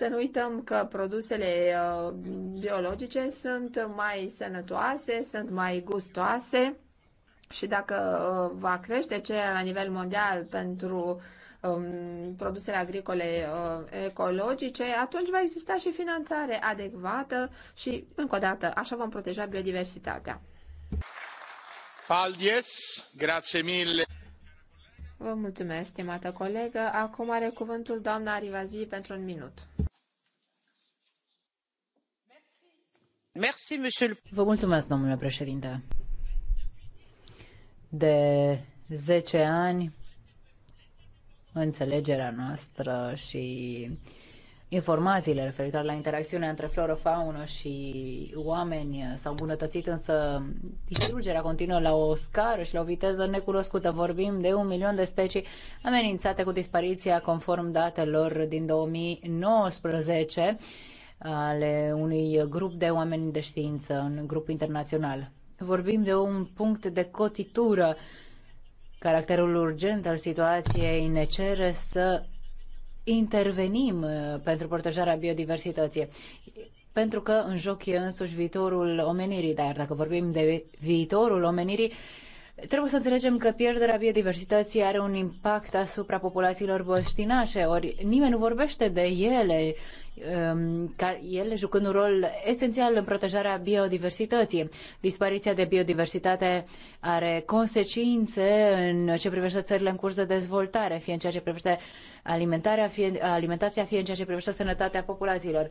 Să nu uităm că produsele uh, biologice sunt mai sănătoase, sunt mai gustoase și dacă uh, va crește cererea la nivel mondial pentru um, produsele agricole uh, ecologice, atunci va exista și finanțare adecvată și, încă o dată, așa vom proteja biodiversitatea. Paldies, grazie mille. Vă mulțumesc, stimată colegă. Acum are cuvântul doamna Rivazi pentru un minut. Vă mulțumesc, domnule președinte. De zece ani, înțelegerea noastră și informațiile referitoare la interacțiunea între floră, faună și oameni s-au îmbunătățit, însă distrugerea continuă la o scară și la o viteză necunoscută. Vorbim de un milion de specii amenințate cu dispariția conform datelor din 2019 ale unui grup de oameni de știință, un grup internațional. Vorbim de un punct de cotitură. Caracterul urgent al situației ne cere să intervenim uh, pentru protejarea biodiversității. Pentru că în joc e însuși viitorul omenirii, dar dacă vorbim de viitorul omenirii, Trebuie să înțelegem că pierderea biodiversității are un impact asupra populațiilor băștinașe, ori nimeni nu vorbește de ele, um, ca ele jucând un rol esențial în protejarea biodiversității. Dispariția de biodiversitate are consecințe în ce privește țările în curs de dezvoltare, fie în ceea ce privește alimentarea, fie, alimentația, fie în ceea ce privește sănătatea populațiilor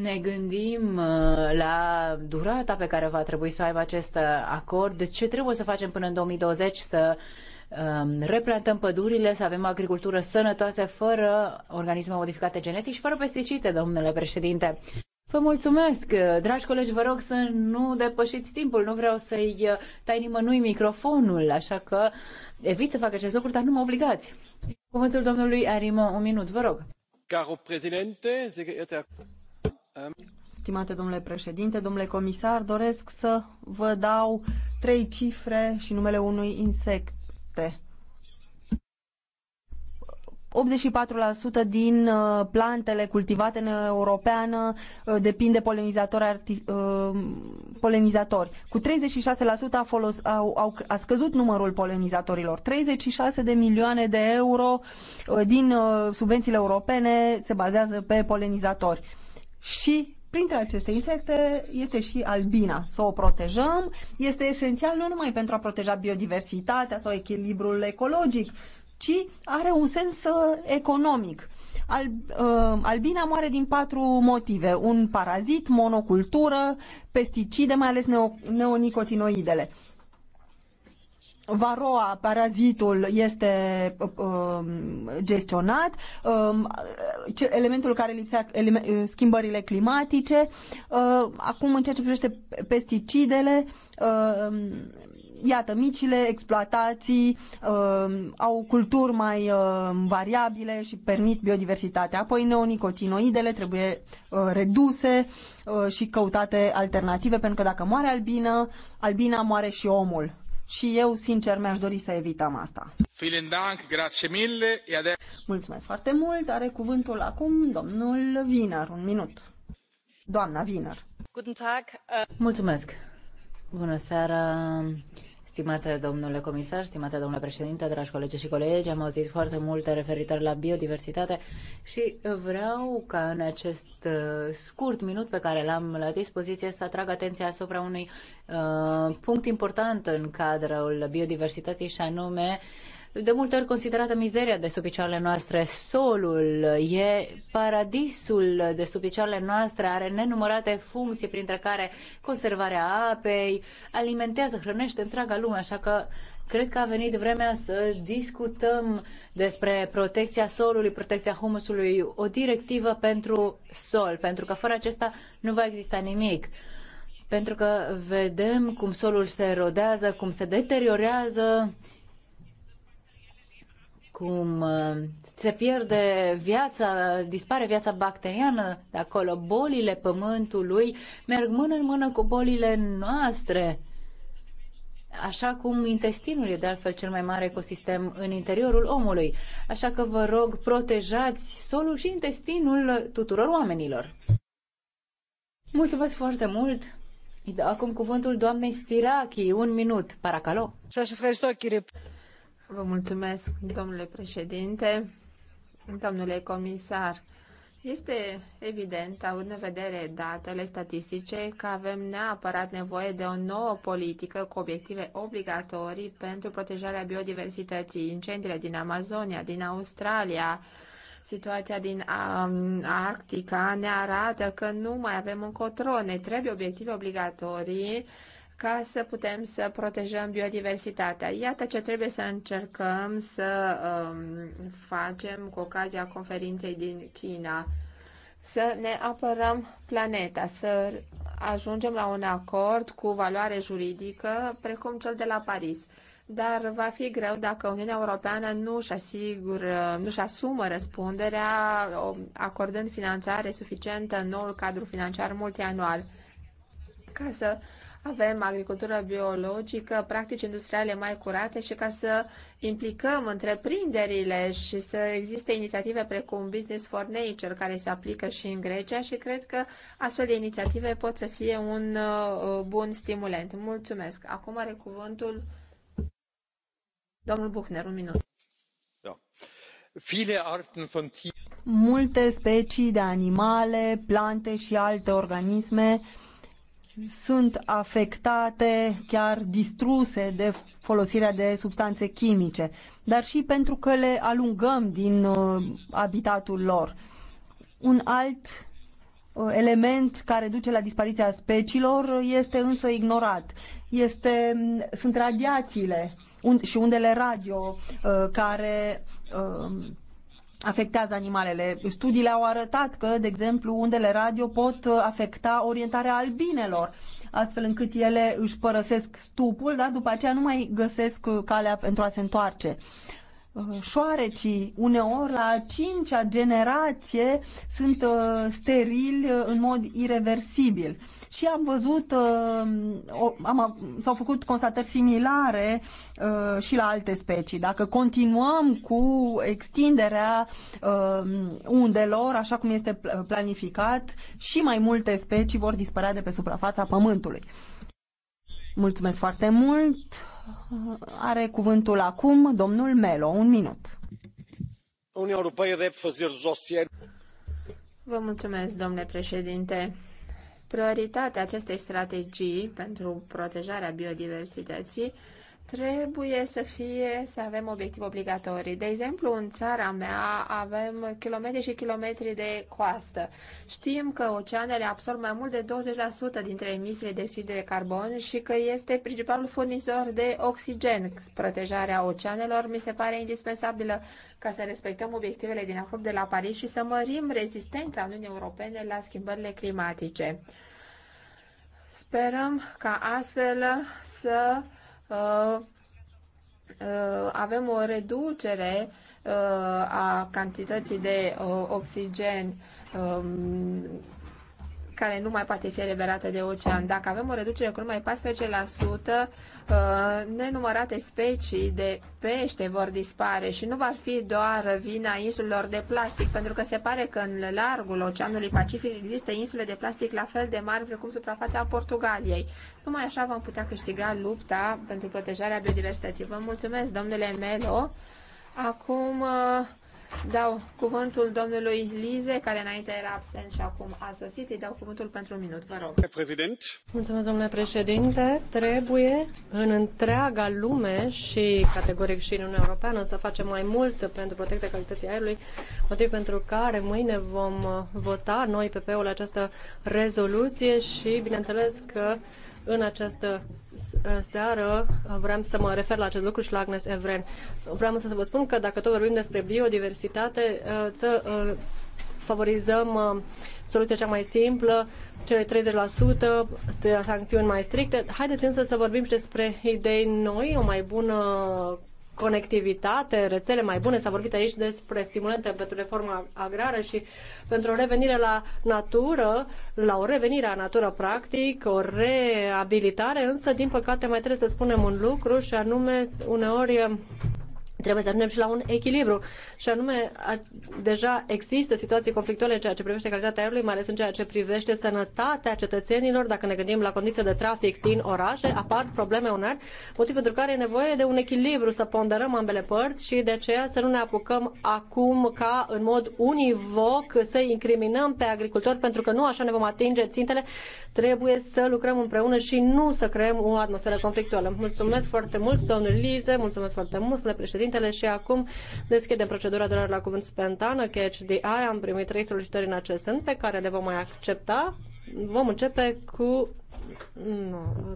ne gândim uh, la durata pe care va trebui să aibă acest uh, acord, ce trebuie să facem până în 2020 să um, replantăm pădurile, să avem agricultură sănătoasă, fără organisme modificate genetic și fără pesticide, domnule președinte. Vă mulțumesc! Dragi colegi, vă rog să nu depășiți timpul. Nu vreau să-i uh, tai nimănui microfonul, așa că evit să fac acest lucru, dar nu mă obligați. Cuvântul domnului Arimă, un minut, vă rog. Caro președinte, Stimate domnule președinte, domnule comisar, doresc să vă dau trei cifre și numele unui insecte. 84% din uh, plantele cultivate în europeană uh, depind de polenizatori, uh, polenizatori. Cu 36% a, folos, au, au, a scăzut numărul polenizatorilor. 36 de milioane de euro din subvențiile europene se bazează pe polenizatori și printre aceste insecte este și albina. Să o protejăm este esențial nu numai pentru a proteja biodiversitatea sau echilibrul ecologic, ci are un sens uh, economic. Al, uh, albina moare din patru motive. Un parazit, monocultură, pesticide, mai ales neo, neonicotinoidele. Varoa, parazitul, este uh, gestionat, uh, elementul care lipsea, schimbările climatice, uh, acum în ceea ce privește pesticidele, uh, iată, micile exploatații uh, au culturi mai uh, variabile și permit biodiversitatea. Apoi neonicotinoidele trebuie uh, reduse uh, și căutate alternative, pentru că dacă moare albină, albina moare și omul și eu, sincer, mi-aș dori să evităm asta. Mulțumesc foarte mult. Are cuvântul acum domnul Viner. Un minut. Doamna Viner. Uh- Mulțumesc. Bună seara. Stimate domnule comisar, stimate domnule președinte, dragi colegi și colegi, am auzit foarte multe referitor la biodiversitate și vreau ca în acest uh, scurt minut pe care l-am la dispoziție să atrag atenția asupra unui uh, punct important în cadrul biodiversității și anume uh, de multe ori considerată mizeria de sub picioarele noastre. Solul e paradisul de sub picioarele noastre, are nenumărate funcții, printre care conservarea apei, alimentează, hrănește întreaga lume, așa că cred că a venit vremea să discutăm despre protecția solului, protecția humusului, o directivă pentru sol, pentru că fără acesta nu va exista nimic pentru că vedem cum solul se erodează, cum se deteriorează cum uh, se pierde viața, dispare viața bacteriană de acolo, bolile pământului merg mână în mână cu bolile noastre. Așa cum intestinul e de altfel cel mai mare ecosistem în interiorul omului. Așa că vă rog, protejați solul și intestinul tuturor oamenilor. Mulțumesc foarte mult! acum cuvântul doamnei Spirachi, un minut, paracalo. Să-și Vă mulțumesc, domnule președinte, domnule comisar. Este evident, având în vedere datele statistice, că avem neapărat nevoie de o nouă politică cu obiective obligatorii pentru protejarea biodiversității. Incendiile din Amazonia, din Australia, situația din Arctica ne arată că nu mai avem încotro, ne trebuie obiective obligatorii ca să putem să protejăm biodiversitatea. Iată ce trebuie să încercăm să um, facem cu ocazia conferinței din China, să ne apărăm planeta, să ajungem la un acord cu valoare juridică precum cel de la Paris. Dar va fi greu dacă Uniunea Europeană nu își asigură, nu își asumă răspunderea um, acordând finanțare suficientă în noul cadru financiar multianual ca să uh, avem agricultură biologică, practici industriale mai curate și ca să implicăm întreprinderile și să existe inițiative precum Business for Nature care se aplică și în Grecia și cred că astfel de inițiative pot să fie un uh, bun stimulant. Mulțumesc. Acum are cuvântul domnul Buchner, un minut. Da. multe specii de animale, plante și alte organisme sunt afectate, chiar distruse de folosirea de substanțe chimice, dar și pentru că le alungăm din uh, habitatul lor. Un alt uh, element care duce la dispariția speciilor este însă ignorat. Este, sunt radiațiile un, și undele radio uh, care uh, afectează animalele. Studiile au arătat că, de exemplu, undele radio pot afecta orientarea albinelor, astfel încât ele își părăsesc stupul, dar după aceea nu mai găsesc calea pentru a se întoarce. Uh, șoarecii, uneori la a cincea generație, sunt uh, sterili uh, în mod irreversibil. Și am văzut, uh, o, am, s-au făcut constatări similare uh, și la alte specii. Dacă continuăm cu extinderea uh, undelor, așa cum este planificat, și mai multe specii vor dispărea de pe suprafața Pământului. Uh, Mulțumesc foarte mult. Are cuvântul acum domnul Melo. Un minut. Uniunea Europeană trebuie să facă oceanos. Vă mulțumesc, domnule președinte. Prioritatea acestei strategii pentru protejarea biodiversității trebuie să fie, să avem obiective obligatorii. De exemplu, în țara mea avem kilometri și kilometri de coastă. Știm că oceanele absorb mai mult de 20% dintre emisiile de oxid de carbon și că este principalul furnizor de oxigen. Protejarea oceanelor mi se pare indispensabilă ca să respectăm obiectivele din acord de la Paris și să mărim rezistența Uniunii Europene la schimbările climatice. Sperăm ca astfel să Uh, avem o reducere uh, a cantității de uh, oxigen um, care nu mai poate fi eliberată de ocean. Dacă avem o reducere cu numai 14%, uh, nenumărate specii de pește vor dispare și nu va fi doar vina insulelor de plastic, pentru că se pare că în largul Oceanului Pacific există insule de plastic la fel de mari precum suprafața Portugaliei. Numai așa vom putea câștiga lupta pentru protejarea biodiversității. Vă mulțumesc, domnule Melo. Acum uh, Dau cuvântul domnului Lize, care înainte era absent și acum a sosit. Îi dau cuvântul pentru un minut, vă rog. President. Mulțumesc, domnule președinte. Trebuie în întreaga lume și categoric și în Uniunea Europeană să facem mai mult pentru protecția calității aerului, motiv pentru care mâine vom vota noi PP-ul această rezoluție și bineînțeles că în această uh, seară uh, vreau să mă refer la acest lucru și la Agnes Evren. Vreau să vă spun că dacă tot vorbim despre biodiversitate, uh, să favorizăm soluția cea mai simplă, cele 30%, sancțiuni mai stricte. Haideți însă să vorbim și despre idei noi, o mai bună conectivitate, rețele mai bune. S-a vorbit aici despre stimulente pentru reforma agrară și pentru o revenire la natură, la o revenire a natură practic, o reabilitare, însă din păcate mai trebuie să spunem un lucru și anume uneori Trebuie să ajungem și la un echilibru. Și anume, a, deja există situații conflictuale în ceea ce privește calitatea aerului, mai ales în ceea ce privește sănătatea cetățenilor. Dacă ne gândim la condiții de trafic din orașe, apar probleme uneori, motiv pentru care e nevoie de un echilibru, să ponderăm ambele părți și de aceea să nu ne apucăm acum ca în mod univoc să incriminăm pe agricultori, pentru că nu așa ne vom atinge țintele. Trebuie să lucrăm împreună și nu să creăm o atmosferă conflictuală. Mulțumesc foarte mult, domnul Lize, mulțumesc foarte mult, spune președinte președintele și acum deschidem procedura de la cuvânt spontană, catch de aia Am primit trei solicitări în acest sens pe care le vom mai accepta. Vom începe cu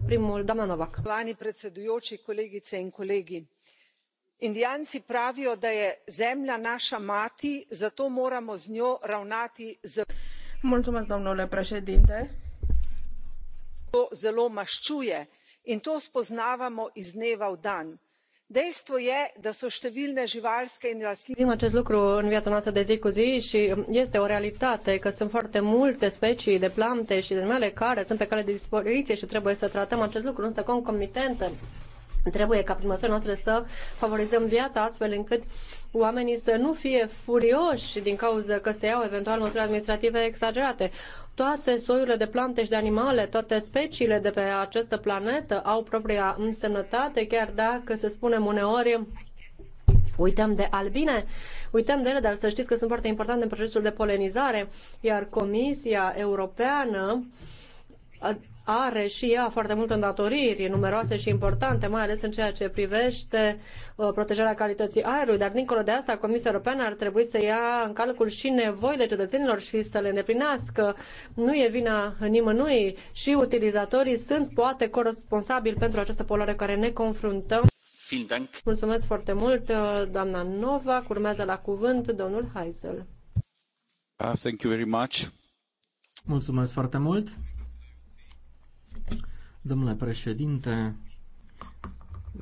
primul, doamna Novak. Vani predsedujoči, colegițe în kolegi. Indianci pravio da je zemlja naša mati, zato moramo z njo ravnati z... Mulțumesc, domnule președinte. ...zelo maščuje in to spoznavamo iz dneva v dan da Știm acest lucru în viața noastră de zi cu zi și este o realitate că sunt foarte multe specii de plante și de animale care sunt pe cale de dispariție și trebuie să tratăm acest lucru, însă concomitent Trebuie ca prin măsurile noastre să favorizăm viața astfel încât oamenii să nu fie furioși din cauza că se iau eventual măsuri administrative exagerate. Toate soiurile de plante și de animale, toate speciile de pe această planetă au propria însănătate, chiar dacă, să spunem, uneori uităm de albine, uităm de ele, dar să știți că sunt foarte importante în procesul de polenizare, iar Comisia Europeană are și ea foarte multe îndatoriri numeroase și importante, mai ales în ceea ce privește uh, protejarea calității aerului, dar dincolo de asta Comisia Europeană ar trebui să ia în calcul și nevoile cetățenilor și să le îndeplinească. Nu e vina nimănui și utilizatorii sunt poate corresponsabili pentru această poluare care ne confruntăm. Mulțumesc foarte mult, uh, doamna Nova. Urmează la cuvânt domnul Heisel. Uh, thank you very much. Mulțumesc foarte mult. Domnule președinte,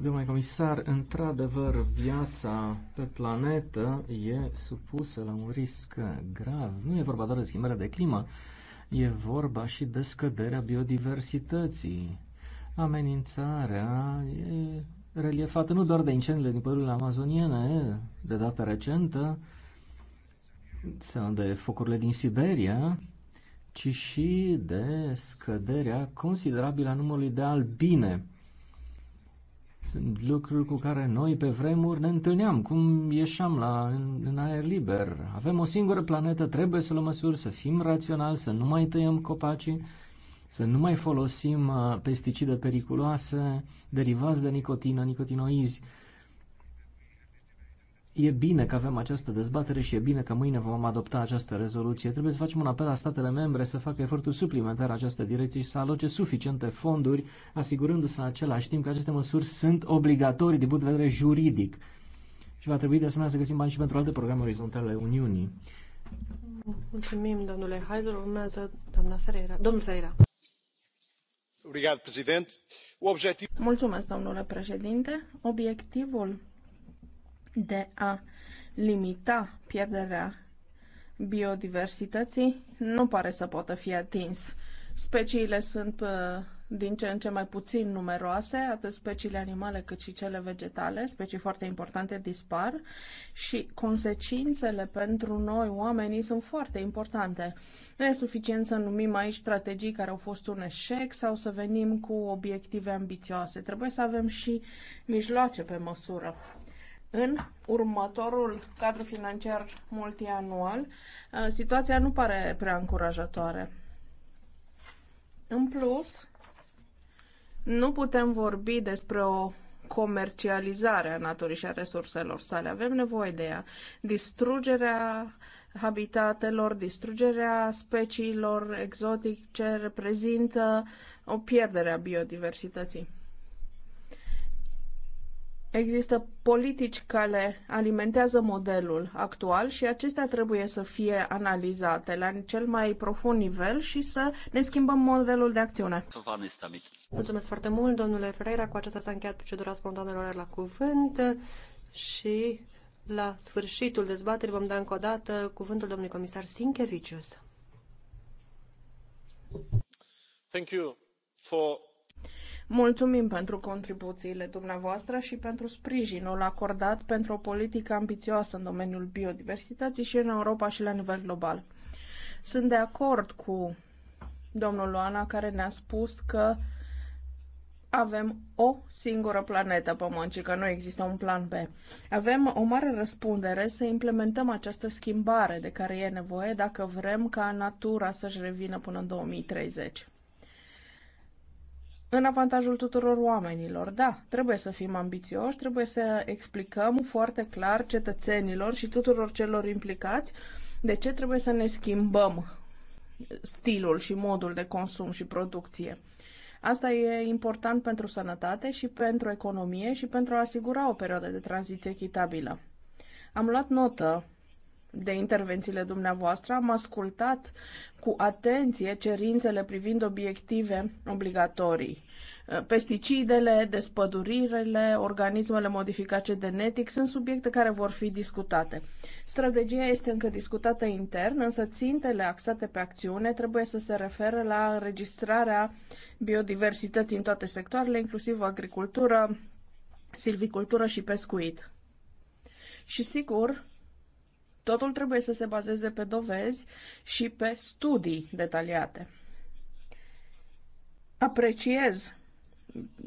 domnule comisar, într-adevăr, viața pe planetă e supusă la un risc grav. Nu e vorba doar de schimbarea de climă, e vorba și de scăderea biodiversității. Amenințarea e reliefată nu doar de incendiile din pădurile amazoniene de dată recentă, sau de focurile din Siberia, ci și de scăderea considerabilă a numărului de albine. Sunt lucruri cu care noi pe vremuri ne întâlneam, cum ieșeam la, în, în aer liber. Avem o singură planetă, trebuie să luăm măsuri, să fim raționali, să nu mai tăiem copacii, să nu mai folosim uh, pesticide periculoase, derivați de nicotină, nicotinoizi. E bine că avem această dezbatere și e bine că mâine vom adopta această rezoluție. Trebuie să facem un apel la statele membre să facă eforturi suplimentare în această direcție și să aloce suficiente fonduri, asigurându-se în același timp că aceste măsuri sunt obligatorii din punct de vedere juridic. Și va trebui de asemenea să găsim bani și pentru alte programe orizontale ale Uniunii. Mulțumim, domnule Heiser. Urmează doamna Ferreira. Domnul Ferreira. Mulțumesc, domnule președinte. Obiectivul de a limita pierderea biodiversității nu pare să poată fi atins. Speciile sunt uh, din ce în ce mai puțin numeroase, atât speciile animale cât și cele vegetale, specii foarte importante dispar și consecințele pentru noi, oamenii, sunt foarte importante. Nu e suficient să numim aici strategii care au fost un eșec sau să venim cu obiective ambițioase. Trebuie să avem și mijloace pe măsură. În următorul cadru financiar multianual, uh, situația nu pare prea încurajatoare. În plus, nu putem vorbi despre o comercializare a naturii și a resurselor sale. Avem nevoie de ea. Distrugerea habitatelor, distrugerea speciilor exotice reprezintă o pierdere a biodiversității. Există politici care alimentează modelul actual și acestea trebuie să fie analizate la cel mai profund nivel și să ne schimbăm modelul de acțiune. Mulțumesc foarte mult, domnule Ferreira. Cu aceasta s-a încheiat procedura spontanelor la cuvânt și la sfârșitul dezbaterii vom da încă o dată cuvântul domnului comisar Sinkevicius. Thank you for Mulțumim pentru contribuțiile dumneavoastră și pentru sprijinul acordat pentru o politică ambițioasă în domeniul biodiversității și în Europa și la nivel global. Sunt de acord cu domnul Luana care ne-a spus că avem o singură planetă Pământ și că nu există un plan B. Avem o mare răspundere să implementăm această schimbare de care e nevoie dacă vrem ca natura să-și revină până în 2030 în avantajul tuturor oamenilor. Da, trebuie să fim ambițioși, trebuie să explicăm foarte clar cetățenilor și tuturor celor implicați de ce trebuie să ne schimbăm stilul și modul de consum și producție. Asta e important pentru sănătate și pentru economie și pentru a asigura o perioadă de tranziție echitabilă. Am luat notă de intervențiile dumneavoastră, am ascultat cu atenție cerințele privind obiective obligatorii. Uh, pesticidele, despădurirele, organismele modificate genetic sunt subiecte care vor fi discutate. Strategia este încă discutată intern, însă țintele axate pe acțiune trebuie să se referă la înregistrarea biodiversității în toate sectoarele, inclusiv agricultură, silvicultură și pescuit. Și sigur, Totul trebuie să se bazeze pe dovezi și pe studii detaliate. Apreciez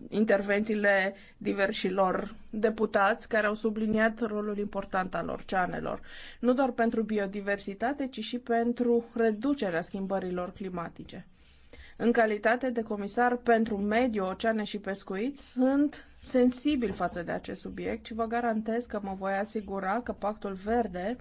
intervențiile diversilor deputați care au subliniat rolul important al oceanelor, nu doar pentru biodiversitate, ci și pentru reducerea schimbărilor climatice. În calitate de comisar pentru mediu, oceane și pescuit, sunt sensibil față de acest subiect și vă garantez că mă voi asigura că Pactul Verde